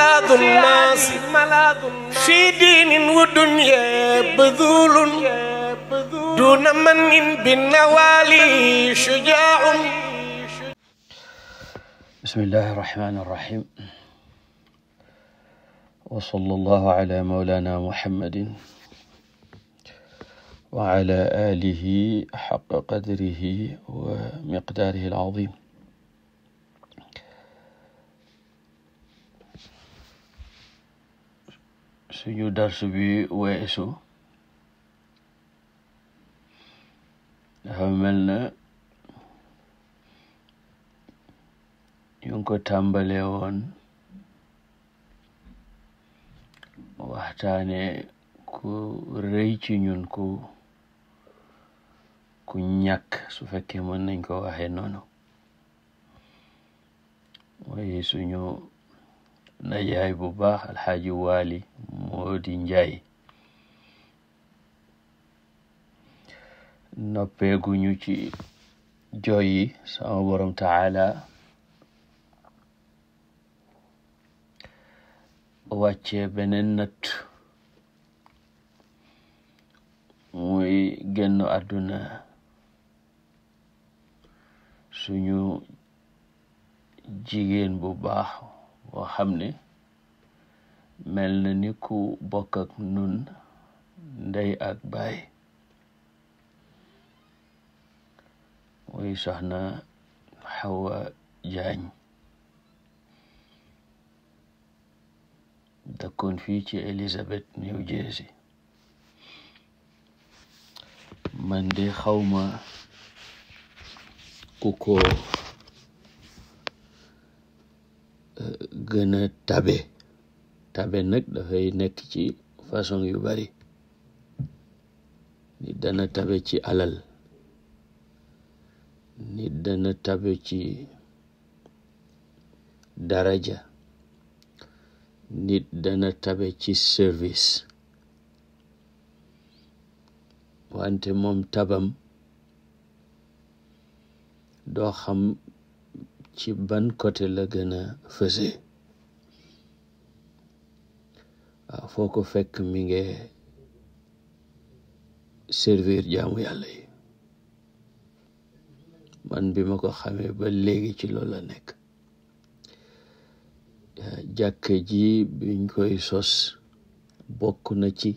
ملاذ الناس في دين ودنيا بذول دون من بالنوالي شجاع بسم الله الرحمن الرحيم وصلى الله على مولانا محمد وعلى آله حق قدره ومقداره العظيم suñu darsu bi weesu dafa na ñu ko tàmbalee woon waxtaane ku rëy ñun ku ku ñàkk su fekkee mën nañ ko waxe noonu mooy suñu na yaay bu baax alxaaji waali moo di njaay noppeeguñu ci jooy sama borom taala wàccee beneen natt muy génn àdduna suñu jigéen bu baax boo xam ne mel na ni ku bokk ak nun ndey ak baay muy soxna Xawa Jaañ dëkkoon fii ci Elizabeth New Jersey man de xawma ku ko gën a tabe tabe nag dafay nekk ci façon yu bari nit dana tabe ci alal nit dana tabe ci daraja nit dana tabe ci service wante moom tabam doo ci ban côté la gën a fësee waaw foo ko fekk mi ngi servir jaamu yàlla yi man bi ma ko xamee ba léegi ci loolu la nekk jàkka ji biñ koy sos bokk na ci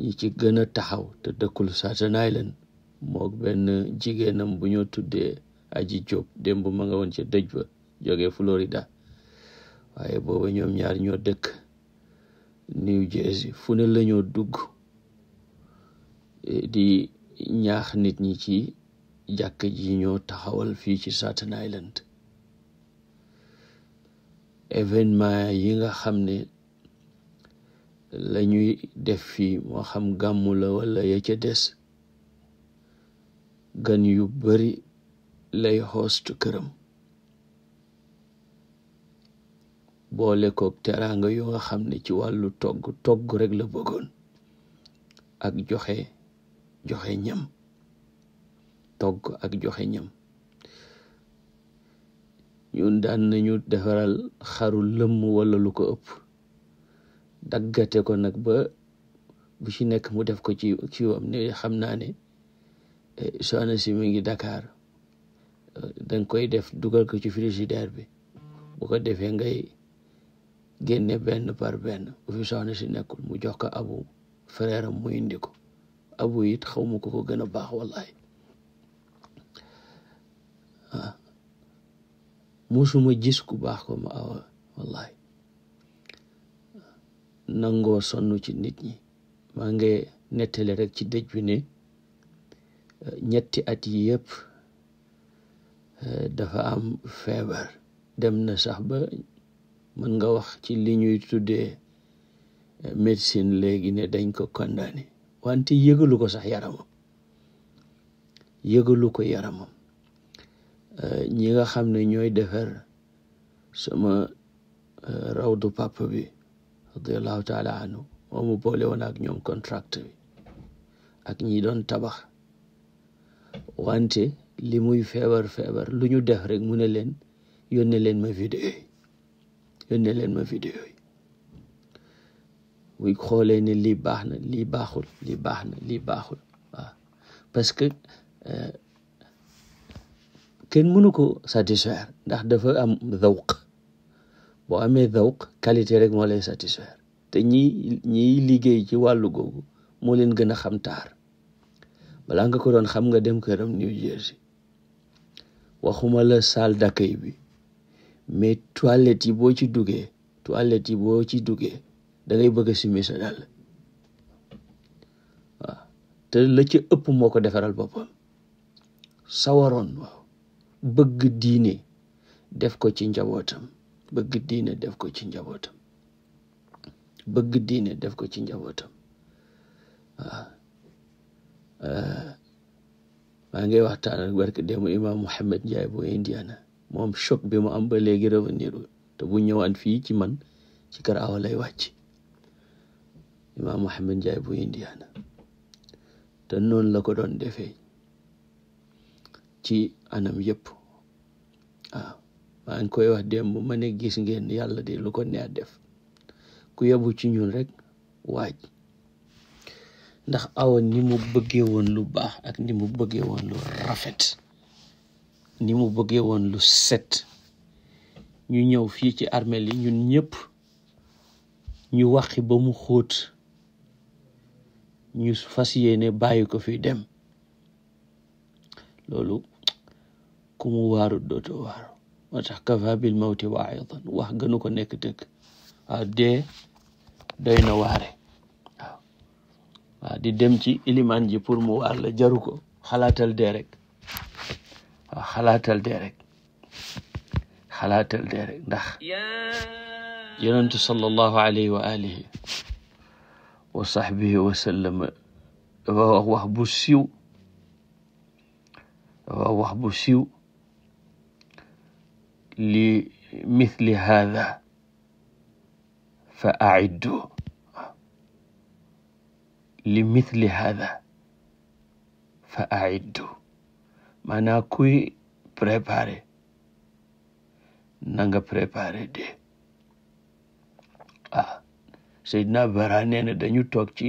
ñi ci gën a taxaw te dëkkul saatanaay leen mook benn jigéenam bu ñoo tuddee aji Diop démb ma nga woon ca dëj ba jógee Florida waaye booba ñoom ñaar ñoo dëkk New Jersey fu ne la ñoo dugg eh, di ñaax nit ñi ci jàkk ji ñoo taxawal fii ci Staten Island événement yi nga xam ne lañuy def fii moo xam gàmmu la wala ya des gan yu bari lay host këram boole koog teraanga yu xam ne ci wàllu togg togg rek la bëggoon ak joxe joxe ñam togg ak joxe ñam ñun daan nañu defaral xaru lëmm wala lu ko ëpp daggate ko nag ba bu ci nekk mu def ko ci ci ne xam naa ne eh, soxna si mi ngi Dakar dañ koy def dugal ko ci frigidaire bi bu ko defee ngay génne benn par benn bu fi si nekkul mu jox ko abu frère mu indi ko abu it xaw ma ko ko gën a baax wallaay ah musuma gis ku baax ko ma awa wallaay nangoo sonn ci nit ñi maa ngi nettali rek ci dëj bi ne eh, ñetti at yi yëpp Eh, dafa am feebar dem na sax ba mën nga wax ci li ñuy tuddee eh, médecine léegi ne dañ ko condamné wante yëgalu ko sax yaramam yëgalu ko yaramam eh, ñi nga xam ne ñooy defar sama rawdu papa bi radiallahu taala anhu moomu boole woon ak ñoom contract bi ak ñi doon tabax wante li muy feebar feebar lu ñu def rek mu ne leen yónne leen ma vidéo yi yónne leen ma vidéo yi muy xoolee ne lii baax na lii baaxul lii baax na lii baaxul waaw parce que euh, kenn mënu ko satisfaire ndax dafa am zawq boo amee zawq qualité rek moo lay satisfaire te ñi ñiy liggéey ci wàllu googu moo leen gën a xam taar balaa nga ko doon xam nga dem këram New Jersey waxuma la salle d'accueil bi mais toilette yi boo ci duggee toilette yi boo ci duggee da ngay bëgg a summi te la ci ëpp moo ko defaral boppam sawaroon waaw bëgg diine def ko ci njabootam bëgg diine def ko ci njabootam bëgg diine def ko ci njabootam waaw euh, maa ngi waxtaan ak barke demu imam Mouhamed Ndiaye bu Indiana moom choc bi mu am ba léegi revenir te bu ñëwaan fii ci man ci kër awa lay wàcc imam Mouhamed Ndiaye bu Indiana te noonu la ko doon defee ci anam yëpp waaw maa ngi koy wax démb ma ne gis ngeen yàlla de lu ko neex def ku yebu ci ñun rek waaj ndax awa ni mu bëggee woon lu baax ak ni mu bëggee woon lu rafet ni mu bëggee woon lu set ñu ñëw fii ci armeel yi ñun ñépp ñu waxi ba mu xóot ñu fas yéene bàyyi ko fi dem loolu kumu waaru dootoo waaru moo tax kafa bil mawti waayidan wax gënu ko nekk dëgg waaw ah, dee doy na waare di dem ci ilimaan ji pour mu waar la jaru ko xalaatal dee rek waaw xalaatal dee rek xalaatal dee wa alihi wa sahbihi wax bu siiw dafa li mithli haadha fa aiddu limithli hada fa aiddu maanaa kuy préparé nanga préparé de ah Seydina Bara nee na dañu toog ci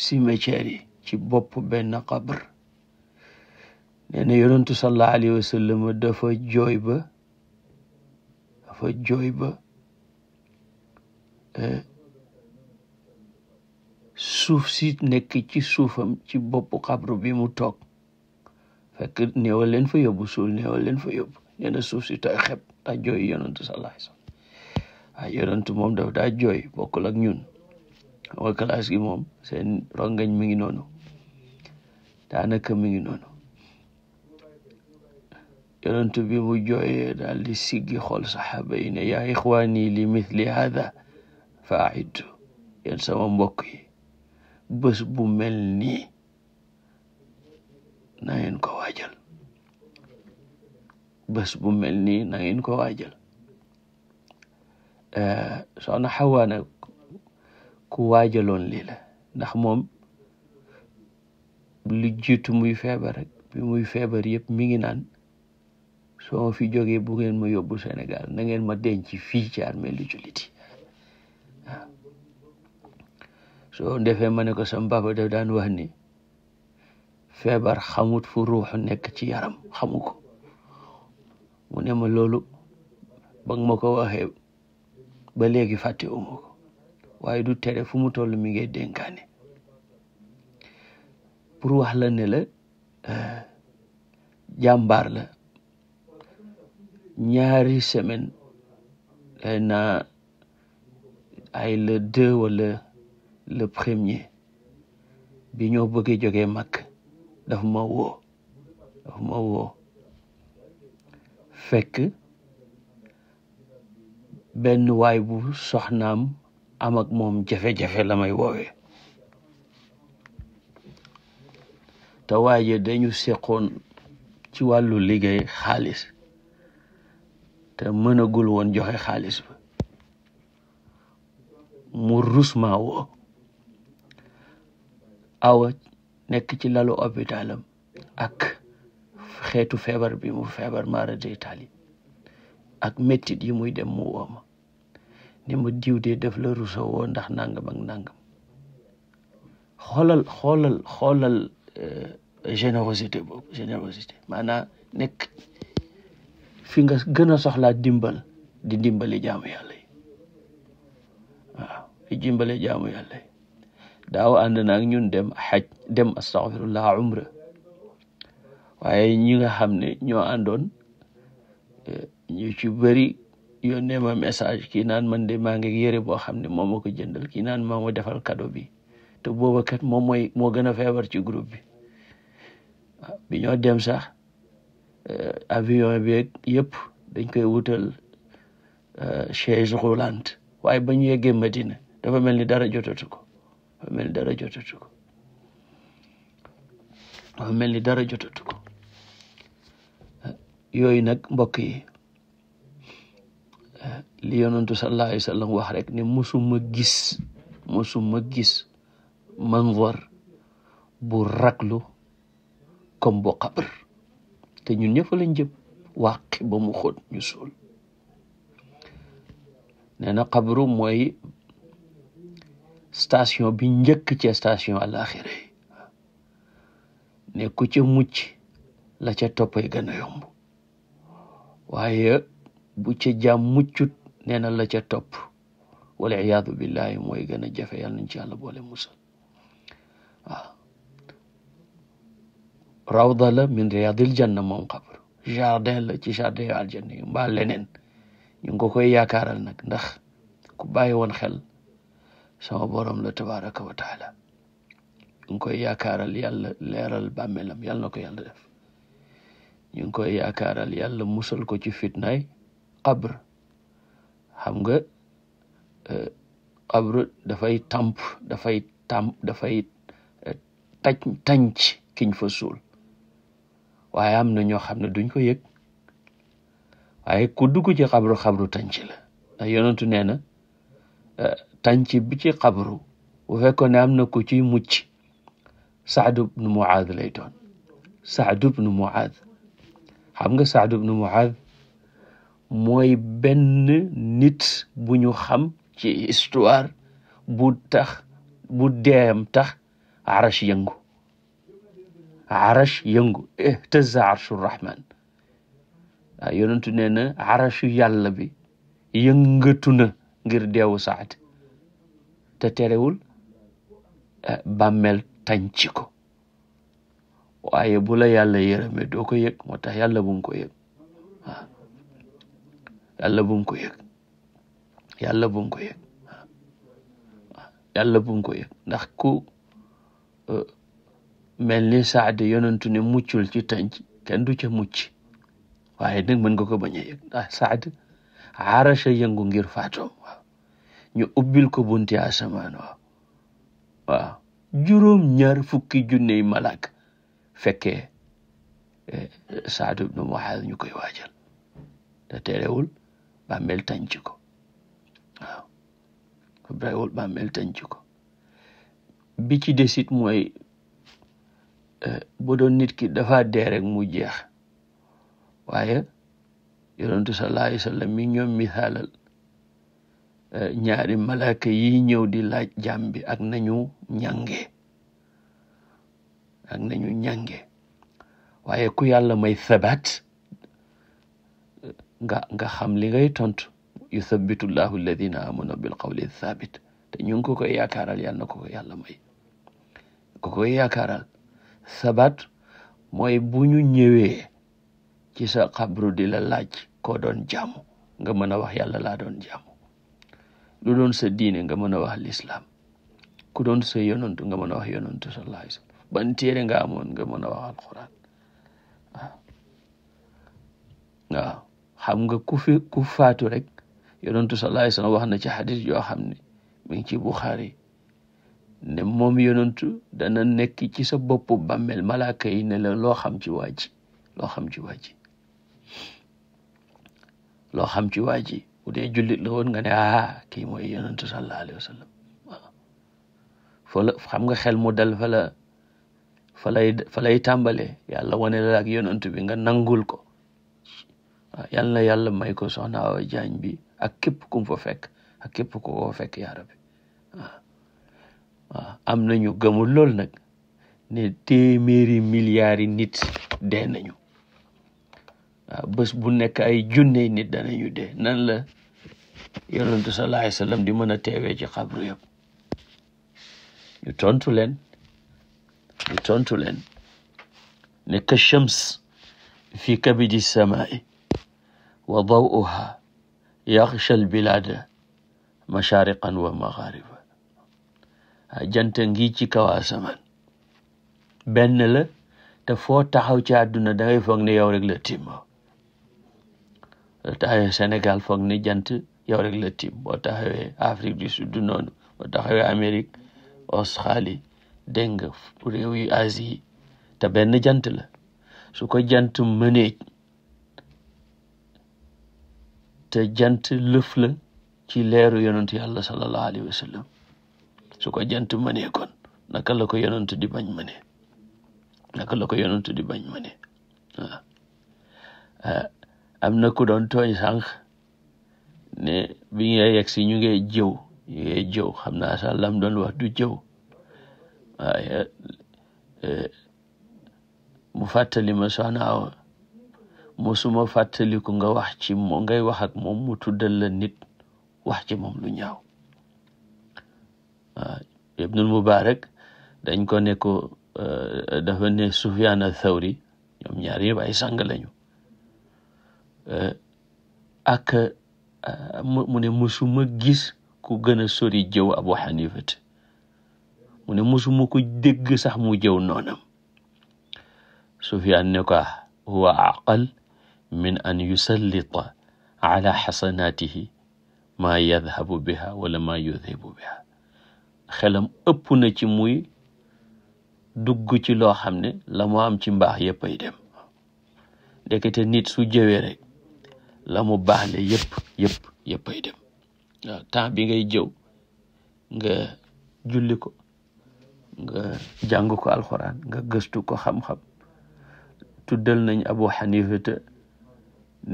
cimetière yi ci boppu benn xabr nee na yonentu sallallahu alayhi wa sallam dafa jooy ba dafa jooy ba suuf si nekk ci suufam ci boppu xabru bi mu toog fekk néew leen fa yóbbu suuf néew leen fa yóbbu nee suuf si tooy xeb daa jooy yonantu sallallahu alayhi wasallam waaw yonantu moom daf daa jooy bokkul ak ñun wa classe gi moom seen rongañ mi ngi noonu daanaka mi ngi noonu yonantu bi mu jooyee daal di siggi xool saxaaba yi ne yaa ixwaani li mithli hada fa aiddu yéen sama mbokk yi bés bu mel nii na ngeen ko waajal bés bu mel nii na ngeen ko waajal eh, na Xawa nag ku waajaloon lii la ndax moom lu jiitu muy feebar muy feebar yëpp mi ngi naan soo fi jógee bu ngeen ma yóbbu senegal na ngeen ma denc fii ci armée lu julliti soo defee ma ne ko sam baba daf daan wax ni feebar xamut fu ruux nekk ci yaram xamu ko ma loolu ba nga ma ko waxee ba léegi fàtte uma ko waaye du tere fu mu toll mi ngay dénkaane pour wax la ne la eh, jàmbaar la ñaari semaine eh, naa ay le deux wala le premier bi ñoo bëggee jógee mag daf ma woo daf ma woo fekk benn waay bu soxnaam am ak moom jafe-jafe la may woowee te waaye dañu seqoon ci wàllu liggéey xaalis te mënagul woon joxe xaalis mu rus ma woo awa nekk ci lalu hôpitalam ak xeetu feebar bi mu feebar maara deytaali ak mettit yi muy dem mu wooma ne ma diw dee def la ruso woo ndax nangam ak nangam xoolal xoolal xoolal euh, générosité boobu générosité maanaam nekk fi nga gën a soxlaa dimbal di dimbali jaamu yàlla yi waaw di dimbale jaamu yàlla yi daaw ànd naag ñun dem xaj dem astaghfirullah umra waaye ñi nga xam ne ñoo àndoon e, ñu ci yon ne ma message kii naan man de maa ngi yére boo xam ne moom moo ko jëndal ki naan maa ma defal cadeau bi te bo kat moom mooy moo gën a feebar ci group bi bi ñoo dem sax e, avion beeg yëpp dañ koy wutal e, chaise roulante waaye ba ñu yeggee Madina dafa mel ni dara jotatu ko dafa mel ni dara jotatu mel ni dara jotatu nag mbokk yi li yonantu sallallahu alayhi wa sallam wax rek ne musuma gis musuma gis manzar bu raglu comme bu te ñun ñëpp lañ jëm wàqi ba mu xóot ñu suul nee na mooy station bi njëkk ci station àlaxira yi ne ku ca mucc la ca toppay gën a yomb waaye bu ci jaam muccut nee na la ca topp wal iyaadu billahi mooy gën a jafeyal yàlla nañ ci yàlla boole musal waaw rawda la min riyaadil janna moom xabru jardin la ci jardin yu aljanna yi mbaa leneen ñu ngi ko koy yaakaaral nag ndax ku bàyyi woon xel sama borom la tabaraka wa taala ñu ngi koy yaakaaral yàlla leeral bàmmeelam yàlla na ko yàlla def ñu ngi koy yaakaaral yàlla musal ko ci fitnaay xabr xam nga xabr eh, dafay tamp dafay tamp dafay eh, taj tànc kiñ fa suul waaye am na ñoo xam ne duñ ko yëg waaye ku dugg ci xabru xabru tànc la ndax yonentu nee na eh, tànc bi ci xabru bu fekkoon ne am na ku ciy mucc Saad ibnu Muaad lay doon Saad ibnu nga Saad ibnu Muaad mooy benn nit bu ñu xam ci histoire bu tax bu deem tax arash yëngu arash yëngu ihtaza arshu rahman waaw yonentu nee arashu yàlla bi yëngatu na ngir deewu Saad te terewul eh, bàmmeel tànc ko waaye bu la yàlla yërëme doo ko yëg moo tax yàlla bum ko yëg waaw ah. yàlla bum ko yëg yàlla bum ah. ndax ku eh, mel ni saadi yonentu ni muccul ci tànc kenn du ci mucc waaye nag mën nga ko bañ a yëg ndax ah, saad arasha yëngu ngir faatoom ñu ubbil ko bunti asamaan waaw waaw juróom ñaar fukki junney malak fekkee eh, Saad ibnu Muaaz ñu koy waajal te terewul bàmmeel tànc ko waaw terewul ko bi ci desit mooy eh, bu doon nit ki dafa dee mu jeex waaye yonentu sallallahu alayhi wa mi ñoom misaalal Eh, ñaari malaaka yi ñëw di laaj jaam bi ak nañu ñànge ak nañu ñànge waaye ku yàlla may sabat nga nga xam li ngay tontu yuthabitu llahu alladina amanu bil qawli thabit te ñu ngi ko koy yaakaaral yàlla na ko ko yàlla may ko koy yaakaaral mooy bu ñu ñëwee ci sa xabru di la laaj koo doon jaamu nga mën a wax yàlla laa doon jaamu lu doon sa diine nga mën a wax lislaam ku doon sa yonantu nga mën a wax yonantu sallallahu alayhi wasallam ban téere nga amoon nga mën a wax alquran waaw ah. waaw xam nga ku fi ku faatu rek yonantu sallallahu alayhi wasallam wax na ci xadis yoo xam ne mi ngi ci Buxaari ne moom yonantu dana nekk ci sa bopp bàmmeel malaaka yi ne la loo xam ci waa ji loo xam ci waa ji loo xam ci waa ji bu dee jullit la woon nga ne ah kii mooy yonentu sallallahu alayhi wa sallam nga xel mu dal fa la fa lay fa lay tàmbalee yàlla wane la ak yonentu bi nga nangul ko waaw yal yàlla may ko soxna Awa Jaañ bi ak képp kum fa fekk ak am nañu gëmul lool nag ne téeméeri milliards yi nit dee nañu waaw ah, bés bu nekk ay junney nit danañu dee nan la yonentu sallallahu alayhi wasallam di mën a teewee ci xabru yëpp ñu tontu leen ñu tontu leen ne ka shams fi kabidi samaa'i wa daw'uha yaxsha al bilaada mashariqan wa maghariba ah, jant ngi ci kaw asamaan benn la te foo taxaw ci àdduna dangay foog ne yow rek la timmaaw taxawee senegal foog ni jant yow rek la tiim boo taxawee du Sud noonu boo taxawee Amérique Australie dégg nga réew yu Asie benn jant la su ko jant mëneej te jant lëf la ci leeru yonent yàlla sallallahu alayhi wa sallam su jant mënee naka la ko yonent di bañ mëne naka la ko yonent di bañ mëne am na ku doon tooy sànq ne bi nga yegg si ñu ngey jëw ñu ngey jëw xam naa sax lam doon wax du jëw waaye e, mu fàttali ma soxna Awa musuma fàttaliku nga wax ci moom ngay wax moom mu tuddal la nit wax ci moom lu ñaaw waaw Ibnul Mubarak dañ ko ne ko e, dafa ne Sufyaan Athawri ñoom ñaar yëpp ay sang lañu Euh, ak euh, mu ne musuma gis ku gën a sori jëw Abu Hanifa mu ne musuma ko dégg sax mu jëw noonam Sufyaan ne ko huwa aqal min an yusallita ala xasanatihi maa yadhabu biha wala maa yudhibu biha xelam ëpp na ci muy dugg ci loo xam ne la mu am ci mbaax yëpp ay dem ndekete nit su jëwee rek la mu baax le yëpp yëpp yëpp ay dem waaw temps bi ngay jëw nga julli ko nga jàng ko alxuraan nga gëstu ko xam-xam tuddal nañ abu xanifata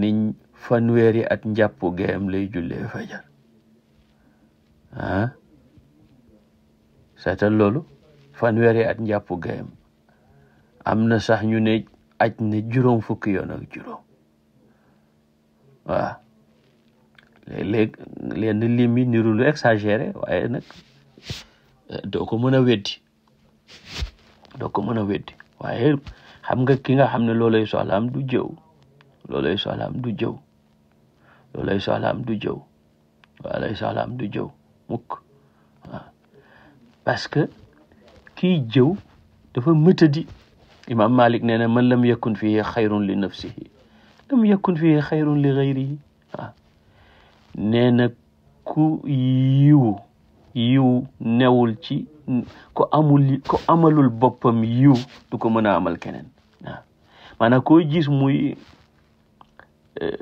niñ fanweeri at njàpp gayam lay jullee fajar ah seetal loolu fanweeri at njàpp gayam am na sax ñu ne aj na juróom fukki yoon waaw léeg-léeg lenn lim yi niru lu exagéré waaye nag euh, doo ko mën a weddi doo ko mën a weddi waaye xam nga ki nga xam ne loolay soxlaam du jëw loolay soxlaam du jëw loolay soxlaam du jëw loolay soxlaam du jëw mukk parce que kii jëw dafa mëtadi imam malik nee mën man lam yakun fihi xayrun li nafsihi lam yakun fii xayrun li xayrihi ah nee ku yiw yiw newul ci ko amalul boppam yiw du ko mën a amal keneen waaw ah. maanaam koo gis muy eh,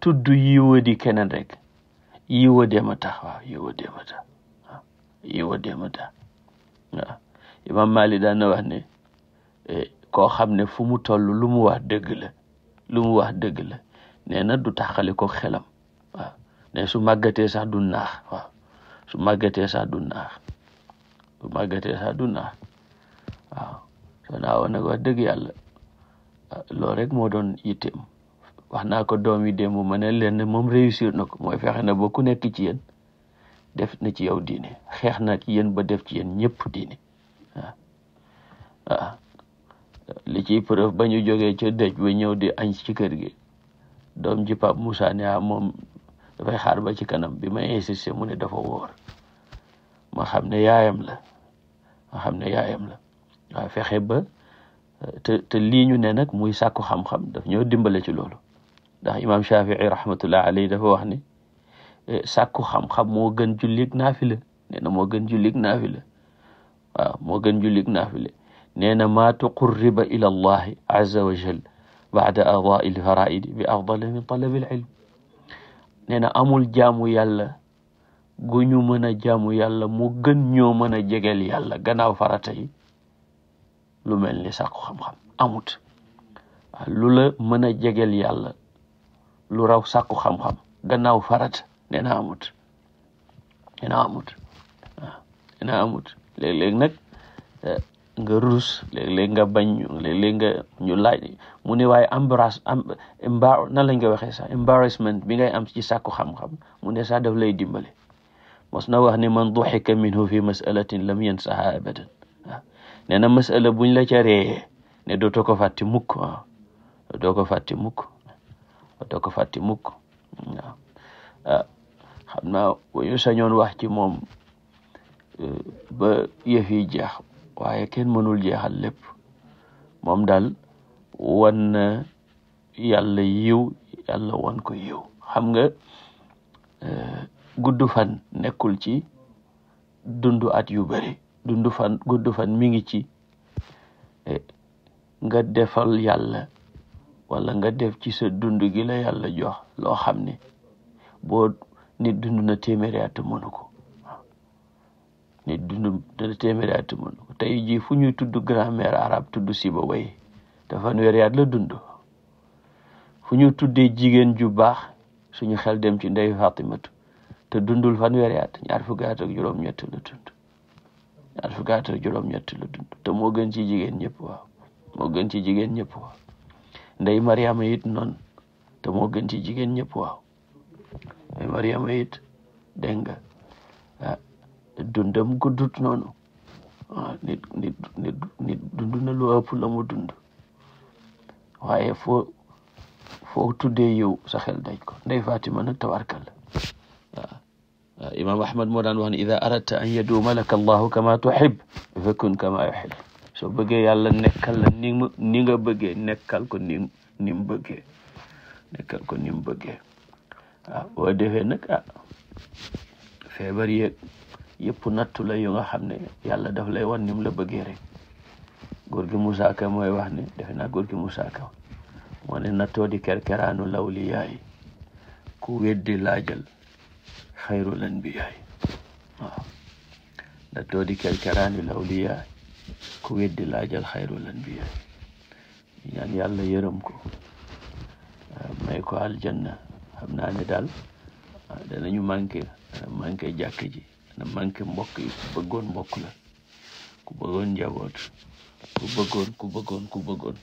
tudd yiwa di keneen rek yiwa deema tax waaw yiwa deema tax waaw ah, yiwa ah. daan na wax ne eh, koo xam ne fu mu toll lu mu wax dëgg la lu mu wax dëgg la nee na du taxali ko xelam ne su màggatee sax du naax su màggatee sax du naax su màggatee sax du naax waaw soo naa woon nag wax dëgg yàlla ah, loolu rek moo doon yitteem wax naa ko doom yi mu ma ne leen moom réussir na ko mooy fexe na ba ku nekk ci yéen def na ci yow diine xeex na ci yéen ba def ci yéen ñëpp diine waaw ah. li ciy preuve ba ñu jógee ca dëj ba ñëw di añ ci kër gi doom ji Pape Moussa ne ah dafay xaar ba ci kanam bi ma insisté mu ne dafa wóor ma xam ne yaayam la ma xam ne yaayam la fexe ba te te lii ñu ne nag muy sàkku xam-xam daf ñoo dimbale ci loolu ndax imam Shafii rahmatullah alayhi dafa wax ne eh, sàkku xam-xam moo gën jullig naafila nee na moo gën jullig naafila waaw moo gën jullig naafila nee na maa tuqurriba ila allahi azza wa jal baada adaa il faraidi bi afdali na amul jaamu yàlla gu mën a jaamu yàlla mu gën ñoo mën a jegel yàlla gannaaw farata yi lu mel ni sàkku xam-xam amut ah, lu la mën a jegel yàlla lu raw sàkku xam-xam gannaaw farata nee amut nee amut ah, nee na eh, nga rus léeg-léeg nga bañ léeg ñu laaj mu ne waaye embarrass na embar nan lañ koy waxee sax embarrassment bi ngay am ci sàkku xam mu ne sax daf lay dimbale mos na wax ne man duxika minhu fi masalatin lam yansaha abadan waaw ah, nee na masala buñ la ca reeyee ne dootoo ko fàtte mukk waaw ah, dootoo ko fàtte mukk dootoo ko fàtte mukk ah, xam naa bu ñu sañoon wax ci moom eh, ba yi jeex waaye kenn mënul jeexal lépp moom dal wan na yàlla yiw yàlla wan ko yiw xam nga e, gudd fan nekkul ci dundu at yu bëri dundu fan gudd fan mi ngi ci e, nga defal yàlla wala nga def ci sa dund gi la yàlla jox loo xam ne bo ni dund na téeméeri at mënu ko nit dund dana téeméeri at mën ko tey jii fu ñuy tudd grammaire arabe tudd Sibawayh te fanweeri at la dund fu ñu tuddee jigéen ju baax suñu xel dem ci ndey Fatimatu te dundul fanweeri at ñaar fukki at ak juróom-ñett la dund ñaar fukki at ak juróom-ñett la dund te moo gën ci jigéen ñëpp waaw moo gën ci jigéen ñëpp waaw ndey Mariama it noonu te moo gën ci jigéen ñëpp waaw ndey Mariama it dégg nga ah, dundam guddut noonu waaw ah, nit na lu ëpp la mu dund waaye foo foo tuddee yow sa xel daj ko ndey Fatima nag tabarkal waaw ah, ah, waaw imam ahmad moo daan wax ne ida aradta an yaduuma laka allahu kama tuhib fakun kama soo bëggee yàlla nekkal ni nga bëggee nekkal ko ni ni mu bëggee nekkal ko ni mu bëggee yëpp nattu la nga xam ne yàlla daf lay wan ni mu la bëggee rek góor gi Moussa mooy wax ne defe naa góor gi Moussa Ka moo ne nattoo di kerkeraanu lawliyaay ku weddi laajal xayrul anbiyaay waaw nattoo di ku yàlla yërëm ko ah, may ko aljanna xam naa ne daal ah, danañu manqué ah, manqué jàkk ji na manqué mbokk yi ku bëggoon mbokk ku bëggoon njaboot ku bëggoon ku bëggoon ku bëggoon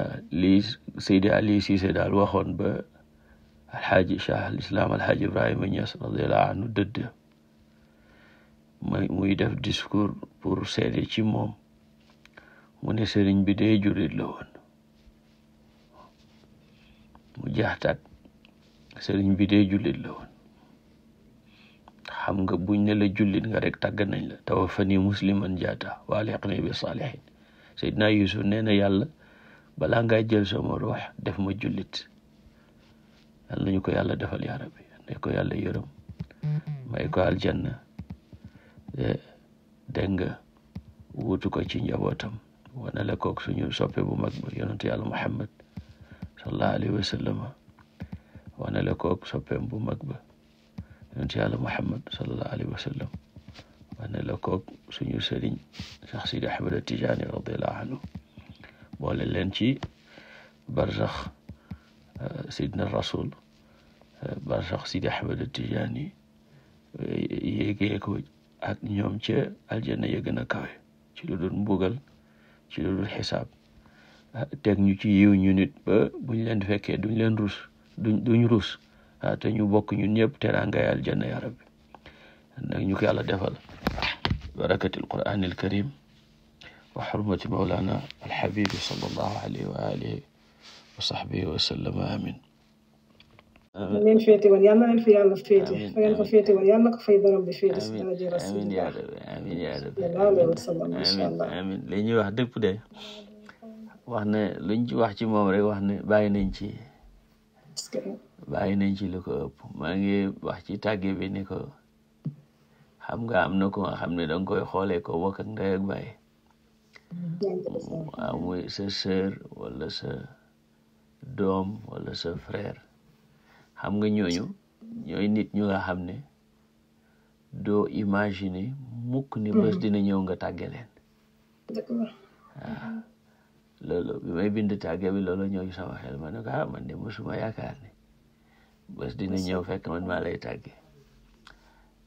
ah, lii Ali Cissé daal waxoon ba alxaaji Cheikh al Islam alxaaji Ibrahima Niass radiallahu anhu dëdd muy muy def discours pour seede ci moom mu ne sëriñ bi dee jullit la woon mu jaxtaat sëriñ bi dee jullit la woon xam nga buñ ne la jullit nga rek tàgg nañ la tawaffani musliman jaata wa alhiqni bi saalihin Seydina Yusuf nee na yàlla balaa ngaa jël sama ruux def ma jullit yal nañu ko yàlla defal yaa rabbi ne ko yàlla yërëm may ko aljanna eh, dégg nga wuutu ko ci njabootam wane la kook suñu soppe bu mag ba yonentu Muhammad sallallahu alayhi wa sallam la kook soppeem bu mag yonent yàlla Muhammad sallallahu alayhi wa sallam wax ne la koog suñu sëriñ Cheikh Sidi Ahmed Tijaani radiyallahu anhu boole leen ci barsax euh, Sidna Rasul euh, barsax Sidi Ahmed Tijaani euh, yéegee ko ak ñoom ci aljanna ye gën a kawe ci lu dul mbugal ci lu dul xisaab ah, teg ñu ci yiw ñu nit ba buñ leen fekkee duñ leen rus Ah, te ñu bokk ñun ñëpp teraanga ya aljanna ya rabbi nag ñu ko yàlla defal barakatil qur'anil karim wa xurmati mawlana alxabibi sallallahu alayhi wa alihi wa sahbihi wa sallama amin amiin leen féete woon yal na leen fi yàlla féete fa ngeen ko féete woon yal na ko fay borom bi féete si daraja rasulillah amiin yaa rabbi sallallahu alayhi wa sallam macha allah amiin li ñuy wax dëpp de wax ne luñ ci wax ci moom rek wax ne bàyyi nañ ci bàyyi nañ ci lu ko ëpp maa ngi wax ci tàgge bi ni ko xam nga am na ko nga xam ne da nga koy xoolee ko bokk ak ndey ak bàyyi waaw sa sœur wala sa doom walla sa frère xam nga ñooñu ñooy nit ñu nga xam ne doo imaginer mukk ni bés hmm. dina ñëw nga tàgge leen waaw loolu bi may bind tàgge bi loolu ñëw sama xel ma ne ko ah man de mosuma yaakaar ni bés dina ñëw fekk man maa lay tàgge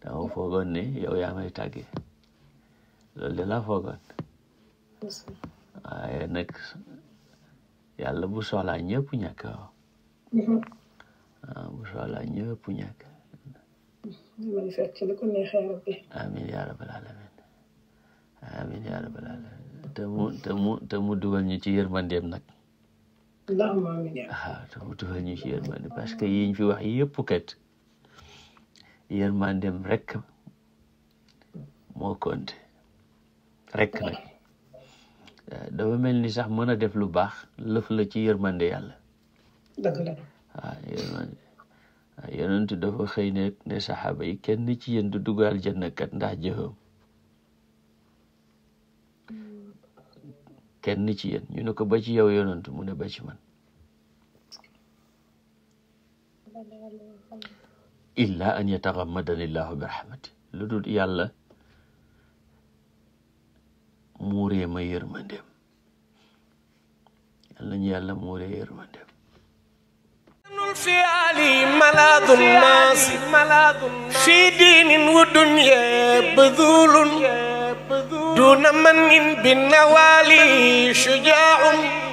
dama foogoon ne yow yaa may tàgge loolu de laa foogoon waaye nag yàlla bu soxlaa ñëpp ñàkk waaw bu soxlaa ñëpp ñàkk amin yaa rabbal alamin amin yaa rabbal alamin te mu te mu dugal ñu ci yërmandeem nag waaw te mu ñu ci yërmande parce que yiñ fi wax yëpp kat yërmandem rekk moo compte rek nag dafa mel ni sax mën a def lu baax lëf la ci yërmande yàlla dëgg la waaw yërmande yonentu dafa xëy ne ne saxaaba yi kenn ci yéen du dugal aljanna kat ndax jëfam kenn ci yéen ñu ne ko ba ci yow yonent mu ne ba ci man illa an yataxammadani llahu bi rahmati lu dul yàlla muuree ma yërmandeem yàlla ñu yàlla muuree yërmandeem في علي ملاذ الناس في دون من بالنوالي شجاع